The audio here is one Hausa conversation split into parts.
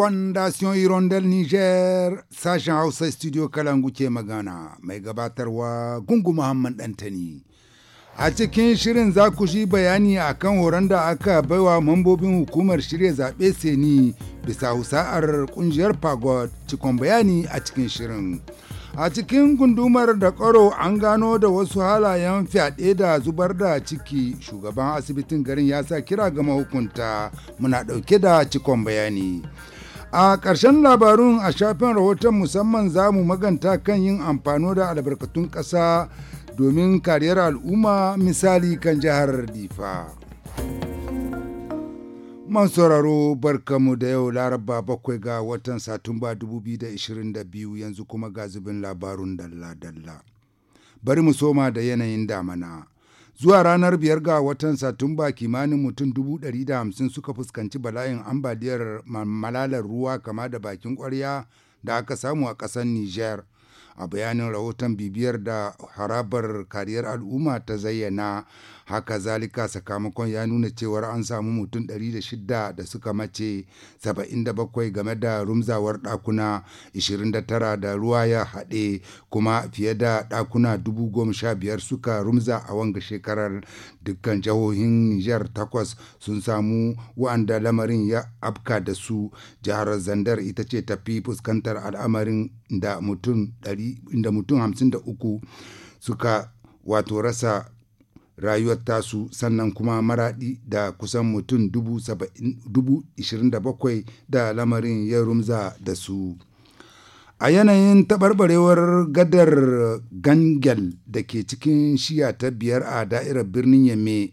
fondation hirondel niger sashen hausa studio kalangu ke magana mai gabatarwa gungu muhammad dantani a cikin shirin za ku shi bayani akan horon da aka baiwa mambobin hukumar shirya zaɓe seni bisa husa'ar ƙungiyar pagod cikon bayani a cikin shirin a cikin gundumar da ƙoro an gano da wasu halayen fyaɗe da zubar da ciki shugaban asibitin garin ya sa kira ga mahukunta muna ɗauke da cikon bayani A ƙarshen labarun a shafin rahoton musamman za mu maganta kan yin amfano da albarkatun ƙasa domin kariyar al'umma misali kan jihar Difa. Man sauraro barkamu da yau laraba bakwai ga watan Satumba 2022 yanzu kuma ga zubin labarun dalla-dalla. Bari mu soma da yanayin damana. Zuwa ranar biyar ga watan Satumba kimanin mutum dubu ɗari da hamsin suka fuskanci bala'in ambaliyar malalar ruwa kama da bakin kwarya da aka samu a ƙasar niger A bayanin rahoton bibiyar da harabar kariyar al'umma ta zayyana haka zalika sakamakon ya nuna cewar an samu mutum 106 da suka mace 77 game da rumzawar ɗakuna 29 da ruwa ya haɗe kuma fiye da ɗakuna 15,000 suka rumza a wanga shekarar dukkan jihohin Niger takwas sun samu wa'anda lamarin ya afka da su jihar Zandar ita ce tafi fuskantar al'amarin da mutum 53 suka wato rasa rayuwar tasu sannan kuma maraɗi da kusan mutum dubu da da lamarin ya rumza da su a yanayin taɓarɓarewar gadar gangel da ke cikin shiya ta biyar a da'irar birnin yamme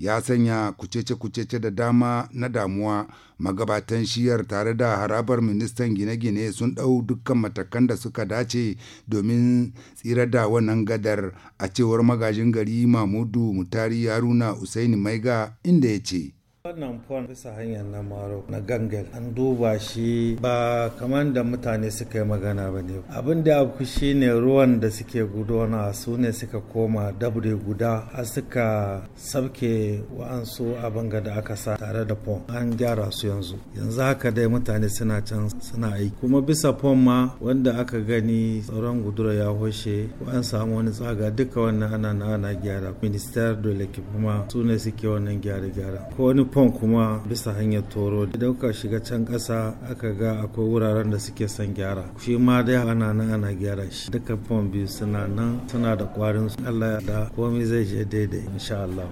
ya sanya kucece-kucece da dama na damuwa magabatan shiyar tare da harabar ministan gine-gine sun ɗau dukkan matakan da suka dace domin tsira da wannan gadar a cewar magajin gari mamudu mutari haruna usaini maiga inda ya ce wannan fon bisa hanyar na maro na gangal an duba shi ba kamar da mutane suka yi magana ba ne abin da abu shi ne ruwan da suke gudona su ne suka koma dabre guda a suka sabke wa'ansu abin da aka sa tare da fon an gyara su yanzu yanzu haka dai mutane suna can suna aiki kuma bisa fon ma wanda aka gani tsaron gudura ya hoshe an samu wani tsaga duka wannan ana na ana gyara minister dole kuma su ne suke wannan gyara gyara ko wani siffon kuma bisa hanyar toro da dauka shiga can ƙasa aka ga akwai wuraren da suke son gyara shi ma dai ana nan ana gyara shi duka pon biyu suna nan suna da kwarin Allah da komai zai je daidai insha Allah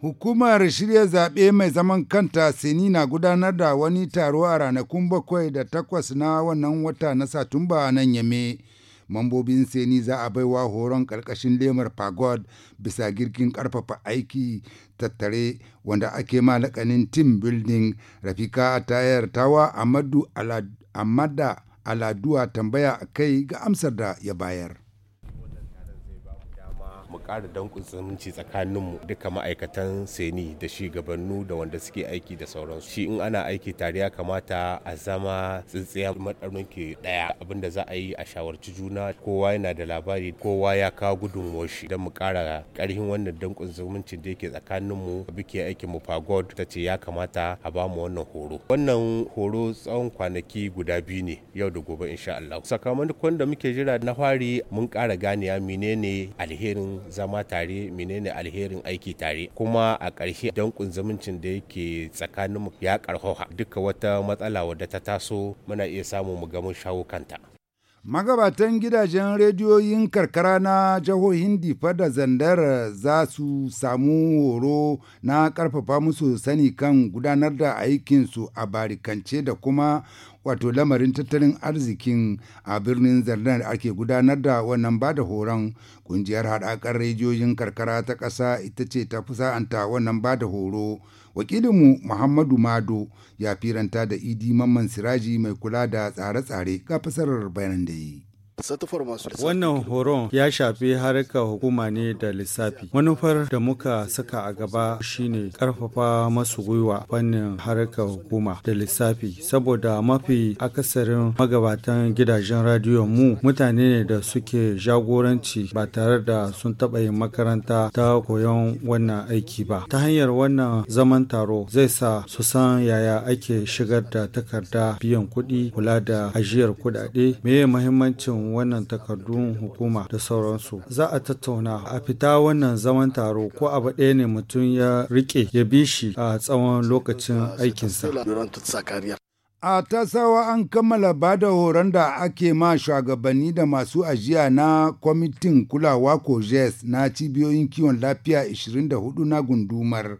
Hukumar shirya zaɓe mai zaman kanta Sini na gudanar da wani taro a ranakun bakwai da takwas na wannan wata na Satumba nan Yame. mambobin seni za a baiwa horon ƙarƙashin lemar pagod bisa girkin ƙarfafa aiki tattare wanda ake malakanin team building rafika tayar tawa amadu amada aladuwa tambaya kai ga amsar da ya bayar kara danƙon zumunci tsakaninmu duka ma'aikatan seni da shugabannu da wanda suke aiki da sauransu shi in ana aiki tare ya kamata a zama tsintsiya maɗaurin ke ɗaya abin da za a yi a shawarci juna kowa yana da labari kowa ya kawo gudun shi don mu ƙara ƙarfin wannan danƙon zumuncin da yake tsakaninmu bikin aikin mu fagod ta ce ya kamata a ba mu wannan horo wannan horo tsawon kwanaki guda biyu ne yau da gobe insha Allah sakamakon da muke jira na fari mun ƙara ganewa menene alherin zama tare menene alherin aiki tare kuma a ƙarshe danƙun zumuncin da yake tsakaninmu ya ƙarfafa duka wata matsala wadda ta taso muna iya samu mu ga shawo kanta magabatan gidajen rediyoyin karkara na jihohin difa da zandar za su samu horo na karfafa musu sani kan gudanar da aikinsu a barikance da kuma wato lamarin tattalin arzikin a birnin zandar ake gudanar da wannan ba da horon kungiyar haɗakar rediyoyin karkara ta ƙasa ita ce ta fusa'anta wannan ba da horo wakilinmu muhammadu mado ya firanta da idi mamman siraji mai kula da tsare-tsare ga fasarar bayanan da yi Wannan horon ya shafi harkar hukuma ne da lissafi. Manufar da muka saka a gaba shine karfafa masu gwiwa fannin harkar hukuma da lissafi saboda mafi akasarin magabatan gidajen radiyo mu mutane ne da suke jagoranci ba tare da sun taɓa yin makaranta ta koyon wannan aiki ba. Ta hanyar wannan zaman taro zai sa su san yaya ake shigar da takarda biyan kuɗi kula da ajiyar kuɗaɗe me mahimmancin wannan takardun hukuma da sauransu za a tattauna a fita wannan zaman taro ko abu ɗaya ne mutum ya rike ya bi shi a tsawon lokacin aikinsa A tasawa an kammala ba da horon da ake ma shugabanni da masu ajiya na kwamitin kulawa ko COGES na cibiyoyin kiwon lafiya 24 na gundumar.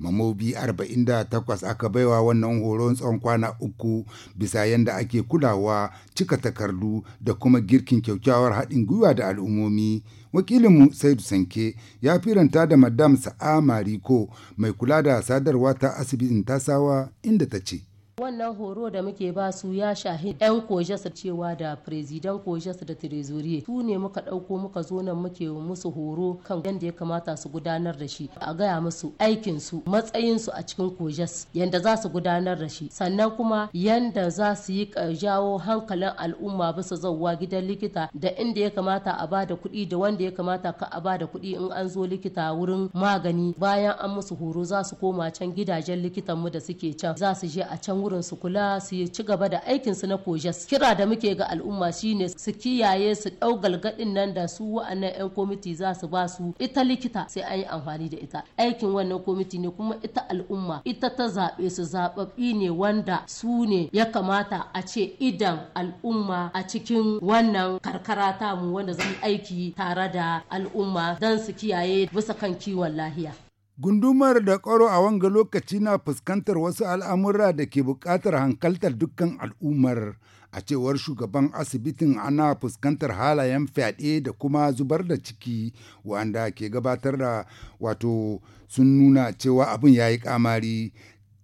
Mamobi 48 aka baiwa wannan horon tsawon kwana uku bisa yadda ake kulawa cika takardu da kuma girkin kyaukyawar haɗin gwiwa da al'ummomi. Wakilinmu Saidu Sanke ya firanta da Madam Sa'a Mariko mai kula da sadarwa ta asibitin tasawa inda ta ce. wannan horo da muke ba su ya shahi 'yan kojas cewa da firizidan kojas da tirezoriye su ne muka ɗauko muka zo nan muke musu horo kan yadda ya kamata su gudanar da shi a gaya musu aikin su matsayin su a cikin kojas yadda za su gudanar da shi sannan kuma yadda za su yi jawo hankalin al'umma bisa zauwa gidan likita da inda ya kamata a ba da kuɗi da wanda ya kamata ka a ba da kuɗi in an zo likita wurin magani bayan an musu horo za su koma can gidajen likitanmu da suke can za su je a can burin su kula su ci gaba da aikin su na kojas kira da muke ga al'umma shine su kiyaye su dau galgadin nan da su wa'annan yan komiti za su ba su ita likita sai an yi amfani da ita aikin wannan komiti ne kuma ita al'umma ita ta zaɓe su zaɓaɓɓi ne wanda su ne ya kamata a ce idan al'umma a cikin wannan karkara tamu wanda zan aiki tare da al'umma don su kiyaye bisa kan kiwon lahiya. Gundumar da ƙwaro a wanga lokaci na fuskantar wasu al'amura da ke buƙatar hankaltar dukkan al'ummar, a cewar shugaban asibitin ana fuskantar halayen fyaɗe da kuma zubar da ciki wanda ke gabatar da wato sun nuna cewa abin ya yi ƙamari.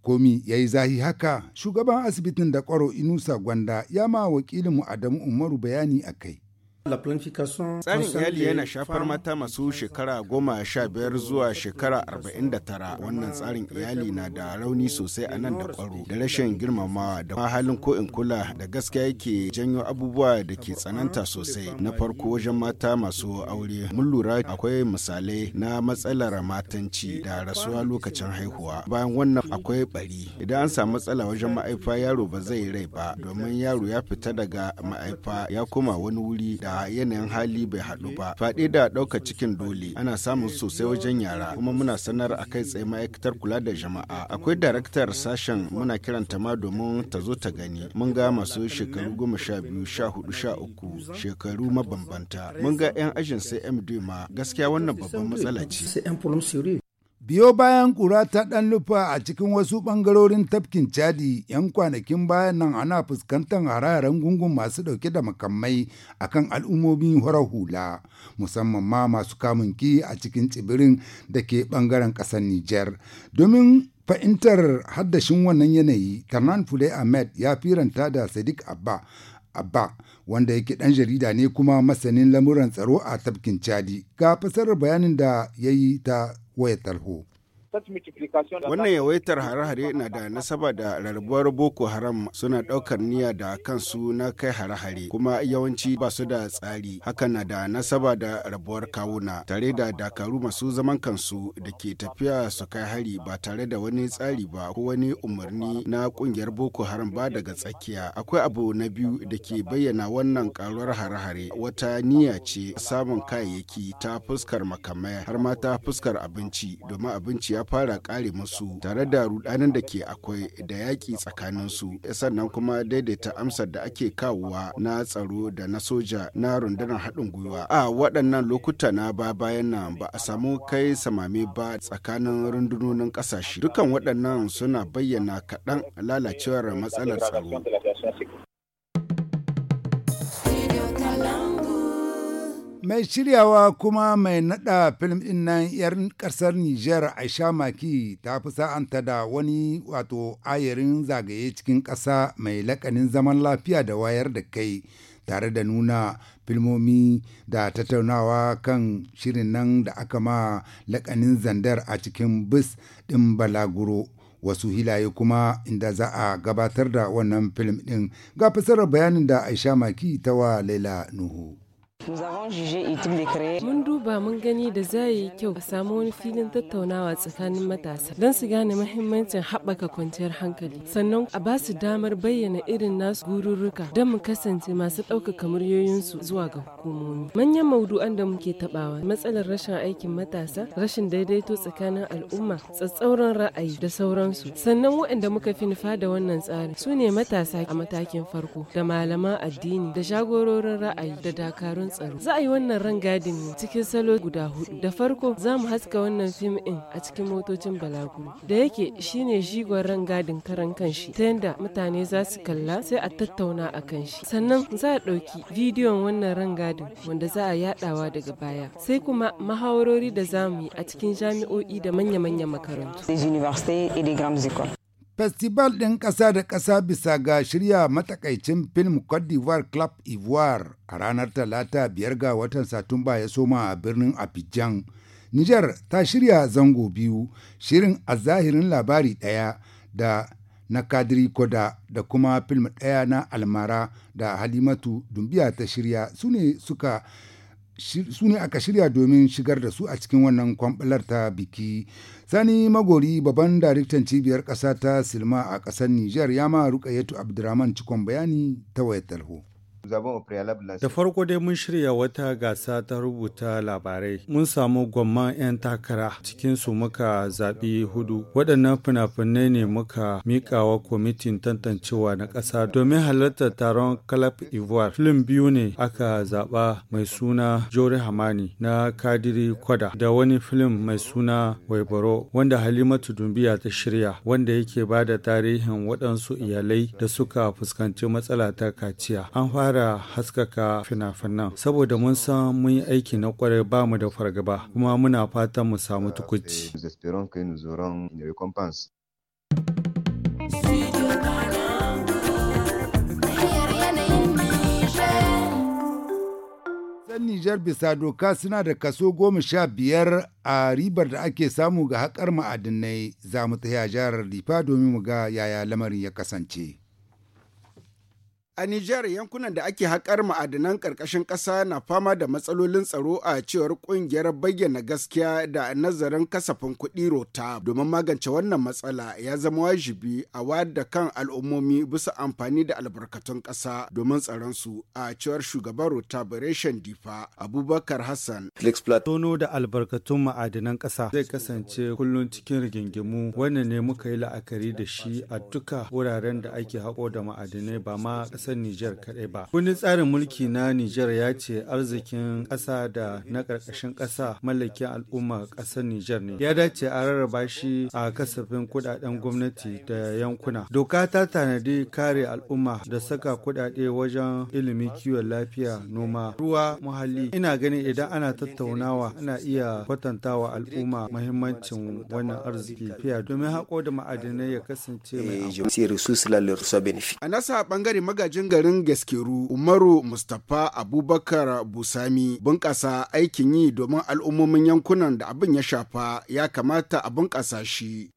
Komi ya yi zahi haka, shugaban asibitin da ƙwaro Inusa Gwanda ya ma mu Adamu Umaru bayani a kai. Tsarin iyali yana shafar mata masu shekara goma sha biyar zuwa shekara arba'in da tara. Wannan tsarin iyali na da rauni sosai a nan da kwaro da rashin girmamawa da halin ko in kula da gaskiya yake janyo abubuwa da ke tsananta sosai. Na farko wajen mata masu aure mun lura akwai misalai na matsalar matanci da rasuwa lokacin haihuwa. Bayan wannan akwai bari. Idan an samu matsala wajen ma'aifa yaro ba zai rai ba domin yaro ya fita daga ma'aifa ya koma wani wuri da yanayin hali bai haɗu ba faɗi da ɗauka cikin dole ana samun sosai wajen yara kuma muna sanar a kai tsaye ma'aikatar kula da jama'a akwai daraktar sashen muna kiranta ma domin ta zo ta gani mun ga masu shekaru goma sha biyu sha hudu sha uku shekaru mabambanta mun ga 'yan ajin sai md ma gaskiya wannan babban matsala ce Biyo bayan ƙura ta ɗan nufa a cikin wasu ɓangarorin tafkin Chadi, 'yan kwanakin bayan nan ana fuskantar hararen gungun masu ɗauke da makamai a kan al'ummomi horar hula, musamman ma masu kamun ki a cikin tsibirin da ke ɓangaren ƙasar Nijar. Domin fahimtar haddashin wannan yanayi, Tarnan Fulai Ahmed ya firanta da Sadiq Abba Abba wanda yake ɗan jarida ne kuma masanin lamuran tsaro a tafkin Chadi. Ga fasarar bayanin da ya yi ta Huetalhu. Wannan yawaitar hare-hare na da nasaba da rarrabuwar Boko Haram suna ɗaukar niyya da kansu na kai hare-hare kuma yawanci ba su da tsari hakan na da nasaba da rabuwar kawuna tare da dakaru masu zaman kansu da ke tafiya su kai hari ba tare da wani tsari ba ko wani umarni na kungiyar Boko Haram ba daga tsakiya. Akwai abu na biyu da ke bayyana wannan karuwar hare-hare wata niyya ce samun kayayyaki ta fuskar makamai har ma ta fuskar abinci domin abinci ya fara kare musu tare da rudanin da ke akwai da yaƙi tsakaninsu sannan kuma daidaita amsar da ake kawowa na tsaro da na soja na rundunar haɗin gwiwa a waɗannan lokuta na ba bayan nan ba a samu kai samame ba tsakanin rundunonin ƙasashe dukan waɗannan suna bayyana kaɗan lalacewar matsalar tsaro Mai shiryawa kuma mai nada film din nan 'yar ƙasar Nijar Aisha Maki ta fi sa'anta da wani wato ayarin zagaye cikin ƙasa mai lakanin zaman lafiya da wayar da kai tare da nuna filmomi da tattaunawa kan shirin nan da aka ma lakanin zandar a cikin bus ɗin balaguro. wasu hilaye kuma inda za a gabatar da wannan film ɗin ga fasarar bayanin da aisha maki ta wa laila nuhu Mun duba mun gani da za yi kyau a samu wani filin tattaunawa tsakanin matasa don su gane mahimmancin haɓaka kwanciyar hankali sannan a ba su damar bayyana irin nasu gururruka don mu kasance masu ɗaukaka muryoyinsu zuwa ga hukumomi. Manyan maudu'an da muke taɓawa matsalar rashin aikin matasa, rashin daidaito tsakanin al'umma, tsatsauran ra'ayi da sauransu. Sannan waɗanda muka fi nufa da wannan tsarin su ne matasa a matakin farko da malaman addini da jagororin ra'ayi da dakarun tsaro. Za a yi wannan rangadin ne cikin salo guda hudu. Da farko za mu haska wannan fim ɗin a cikin motocin balaguro. Da yake shine jigon rangadin karan kanshi ta yadda mutane za su kalla sai a tattauna a kan shi. Sannan za a ɗauki bidiyon wannan rangadin wanda za a yaɗawa daga baya. Sai kuma mahawarori da za mu yi a cikin jami'o'i da manya-manyan makarantu. Festival ɗin ƙasa da ƙasa bisa ga shirya matakaicin film Côte d'Ivoire Club Ivoire a ranar Talata biyar ga watan Satumba ya soma a birnin Abidjan. Nijar ta shirya zango biyu, shirin a zahirin labari ɗaya da na Kadiri Koda da kuma film ɗaya na Almara da Halimatu Dumbiya ta shirya su ne suka su ne aka shirya domin shigar da su a cikin wannan kwamɓalar ta biki sani magori babban daraktan cibiyar kasa ta silma a ƙasar niger ya ma ruka ruƙayyatu abdurrahman cikon bayani ta wayar Da farko dai mun shirya wata gasa ta rubuta labarai. Mun samu gwamman 'yan takara cikin su muka zaɓi hudu. Waɗannan fina-finai ne muka miƙawa kwamitin tantancewa na ƙasa domin halartar taron kalab Ivoire. Film biyu ne aka zaɓa mai suna Jori Hamani na Kadiri Kwada da wani film mai suna Waibaro wanda Halimatu Dumbiya ta shirya wanda yake ba da tarihin waɗansu iyalai da suka fuskanci matsala ta kaciya. An fara ƙara haskaka fina-finan saboda mun san mun yi aiki na kwarai ba mu da fargaba kuma muna fatan mu samu tukuci. Yan Nijar bisa doka suna da kaso goma sha biyar a ribar da ake samu ga haƙar ma'adinai za mu tsaya jihar rifa domin mu ga yaya lamarin ya kasance. A Nijar yankunan da ake haƙar ma'adanan ƙarƙashin ƙasa na fama da matsalolin tsaro a cewar ƙungiyar bayyana gaskiya da nazarin kasafin kuɗi rota domin magance wannan matsala ya zama wajibi a wada kan al'ummomi bisa amfani da albarkatun ƙasa domin tsaron su, a cewar shugaban rota Bereshen Difa Abubakar Hassan. Tono da albarkatun ma'adanan ƙasa zai kasance kullum cikin rigingimu wanda ne muka yi la'akari da shi a duka wuraren da ake haƙo da ma'adanai ba ma kasar Nijar kaɗai ba. Kundin tsarin mulki na Nijar ya ce arzikin ƙasa da na ƙarƙashin ƙasa mallakin al'umma ƙasar Nijar ne. Ya dace a rarraba shi a kasafin kuɗaɗen gwamnati da yankuna. Doka ta tanadi kare al'umma da saka kuɗaɗe wajen ilimi, kiwon lafiya, noma, ruwa, muhalli. Ina ganin idan ana tattaunawa ana iya kwatantawa al'umma mahimmancin wannan arziki fiya domin haƙo da ma'adinai ya kasance mai eh, A nasa ɓangare magaji magajin garin gaskeru umaru mustapha abubakar busami bunƙasa aikin yi domin al'ummomin yankunan da abin ya shafa ya kamata a bunƙasa shi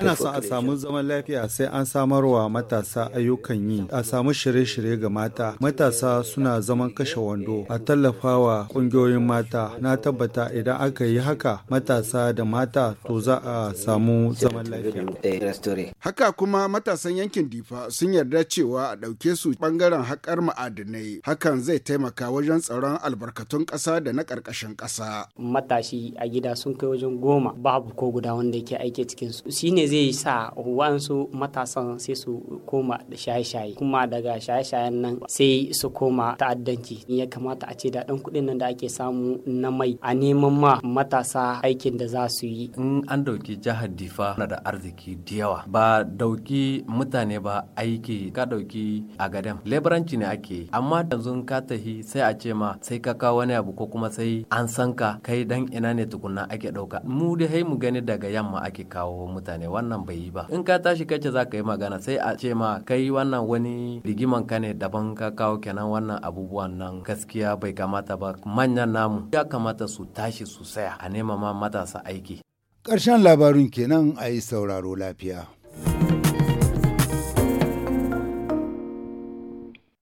ana sa a samu zaman lafiya sai an samarwa matasa ayyukan yi a samu shirye-shirye ga mata matasa suna zaman kashe wando a tallafawa ƙungiyoyin mata na tabbata idan aka yi haka matasa da mata to za a samu zaman lafiya haka kuma matasan yankin difa sun yarda cewa a ɗauke su bangaren haƙar ma'adinai hakan zai taimaka wajen tsaron albarkatun ƙasa da na ƙarƙashin ƙasa. Matashi a gida sun kai wajen goma babu ko guda wanda yake aiki cikin su shine zai sa wa'ansu matasan sai su koma da shaye-shaye kuma daga shaye-shayen nan sai su koma ta'addanci ya kamata a ce daɗin kuɗin nan da ake samu na mai a neman ma matasa aikin da za su yi. In an ɗauki jihar Difa na da arziki da yawa ba dauki mutane ba aiki ka dauki a agadan lebranci ne ake yi amma yanzu ka tahi sai a ce ma sai ka kawo wani abu ko kuma sai an san ka kai dan ina ne tukunna ake ɗauka mu da hai mu gani daga yamma ake kawo mutane wannan bai yi ba in ka tashi kace za ka yi magana sai a ce ma kai wannan wani rigiman ka ne daban ka kawo kenan wannan abubuwan nan gaskiya bai kamata ba manyan namu ya kamata su tashi su saya a nema ma matasa aiki karshen labarin kenan a yi sauraro lafiya.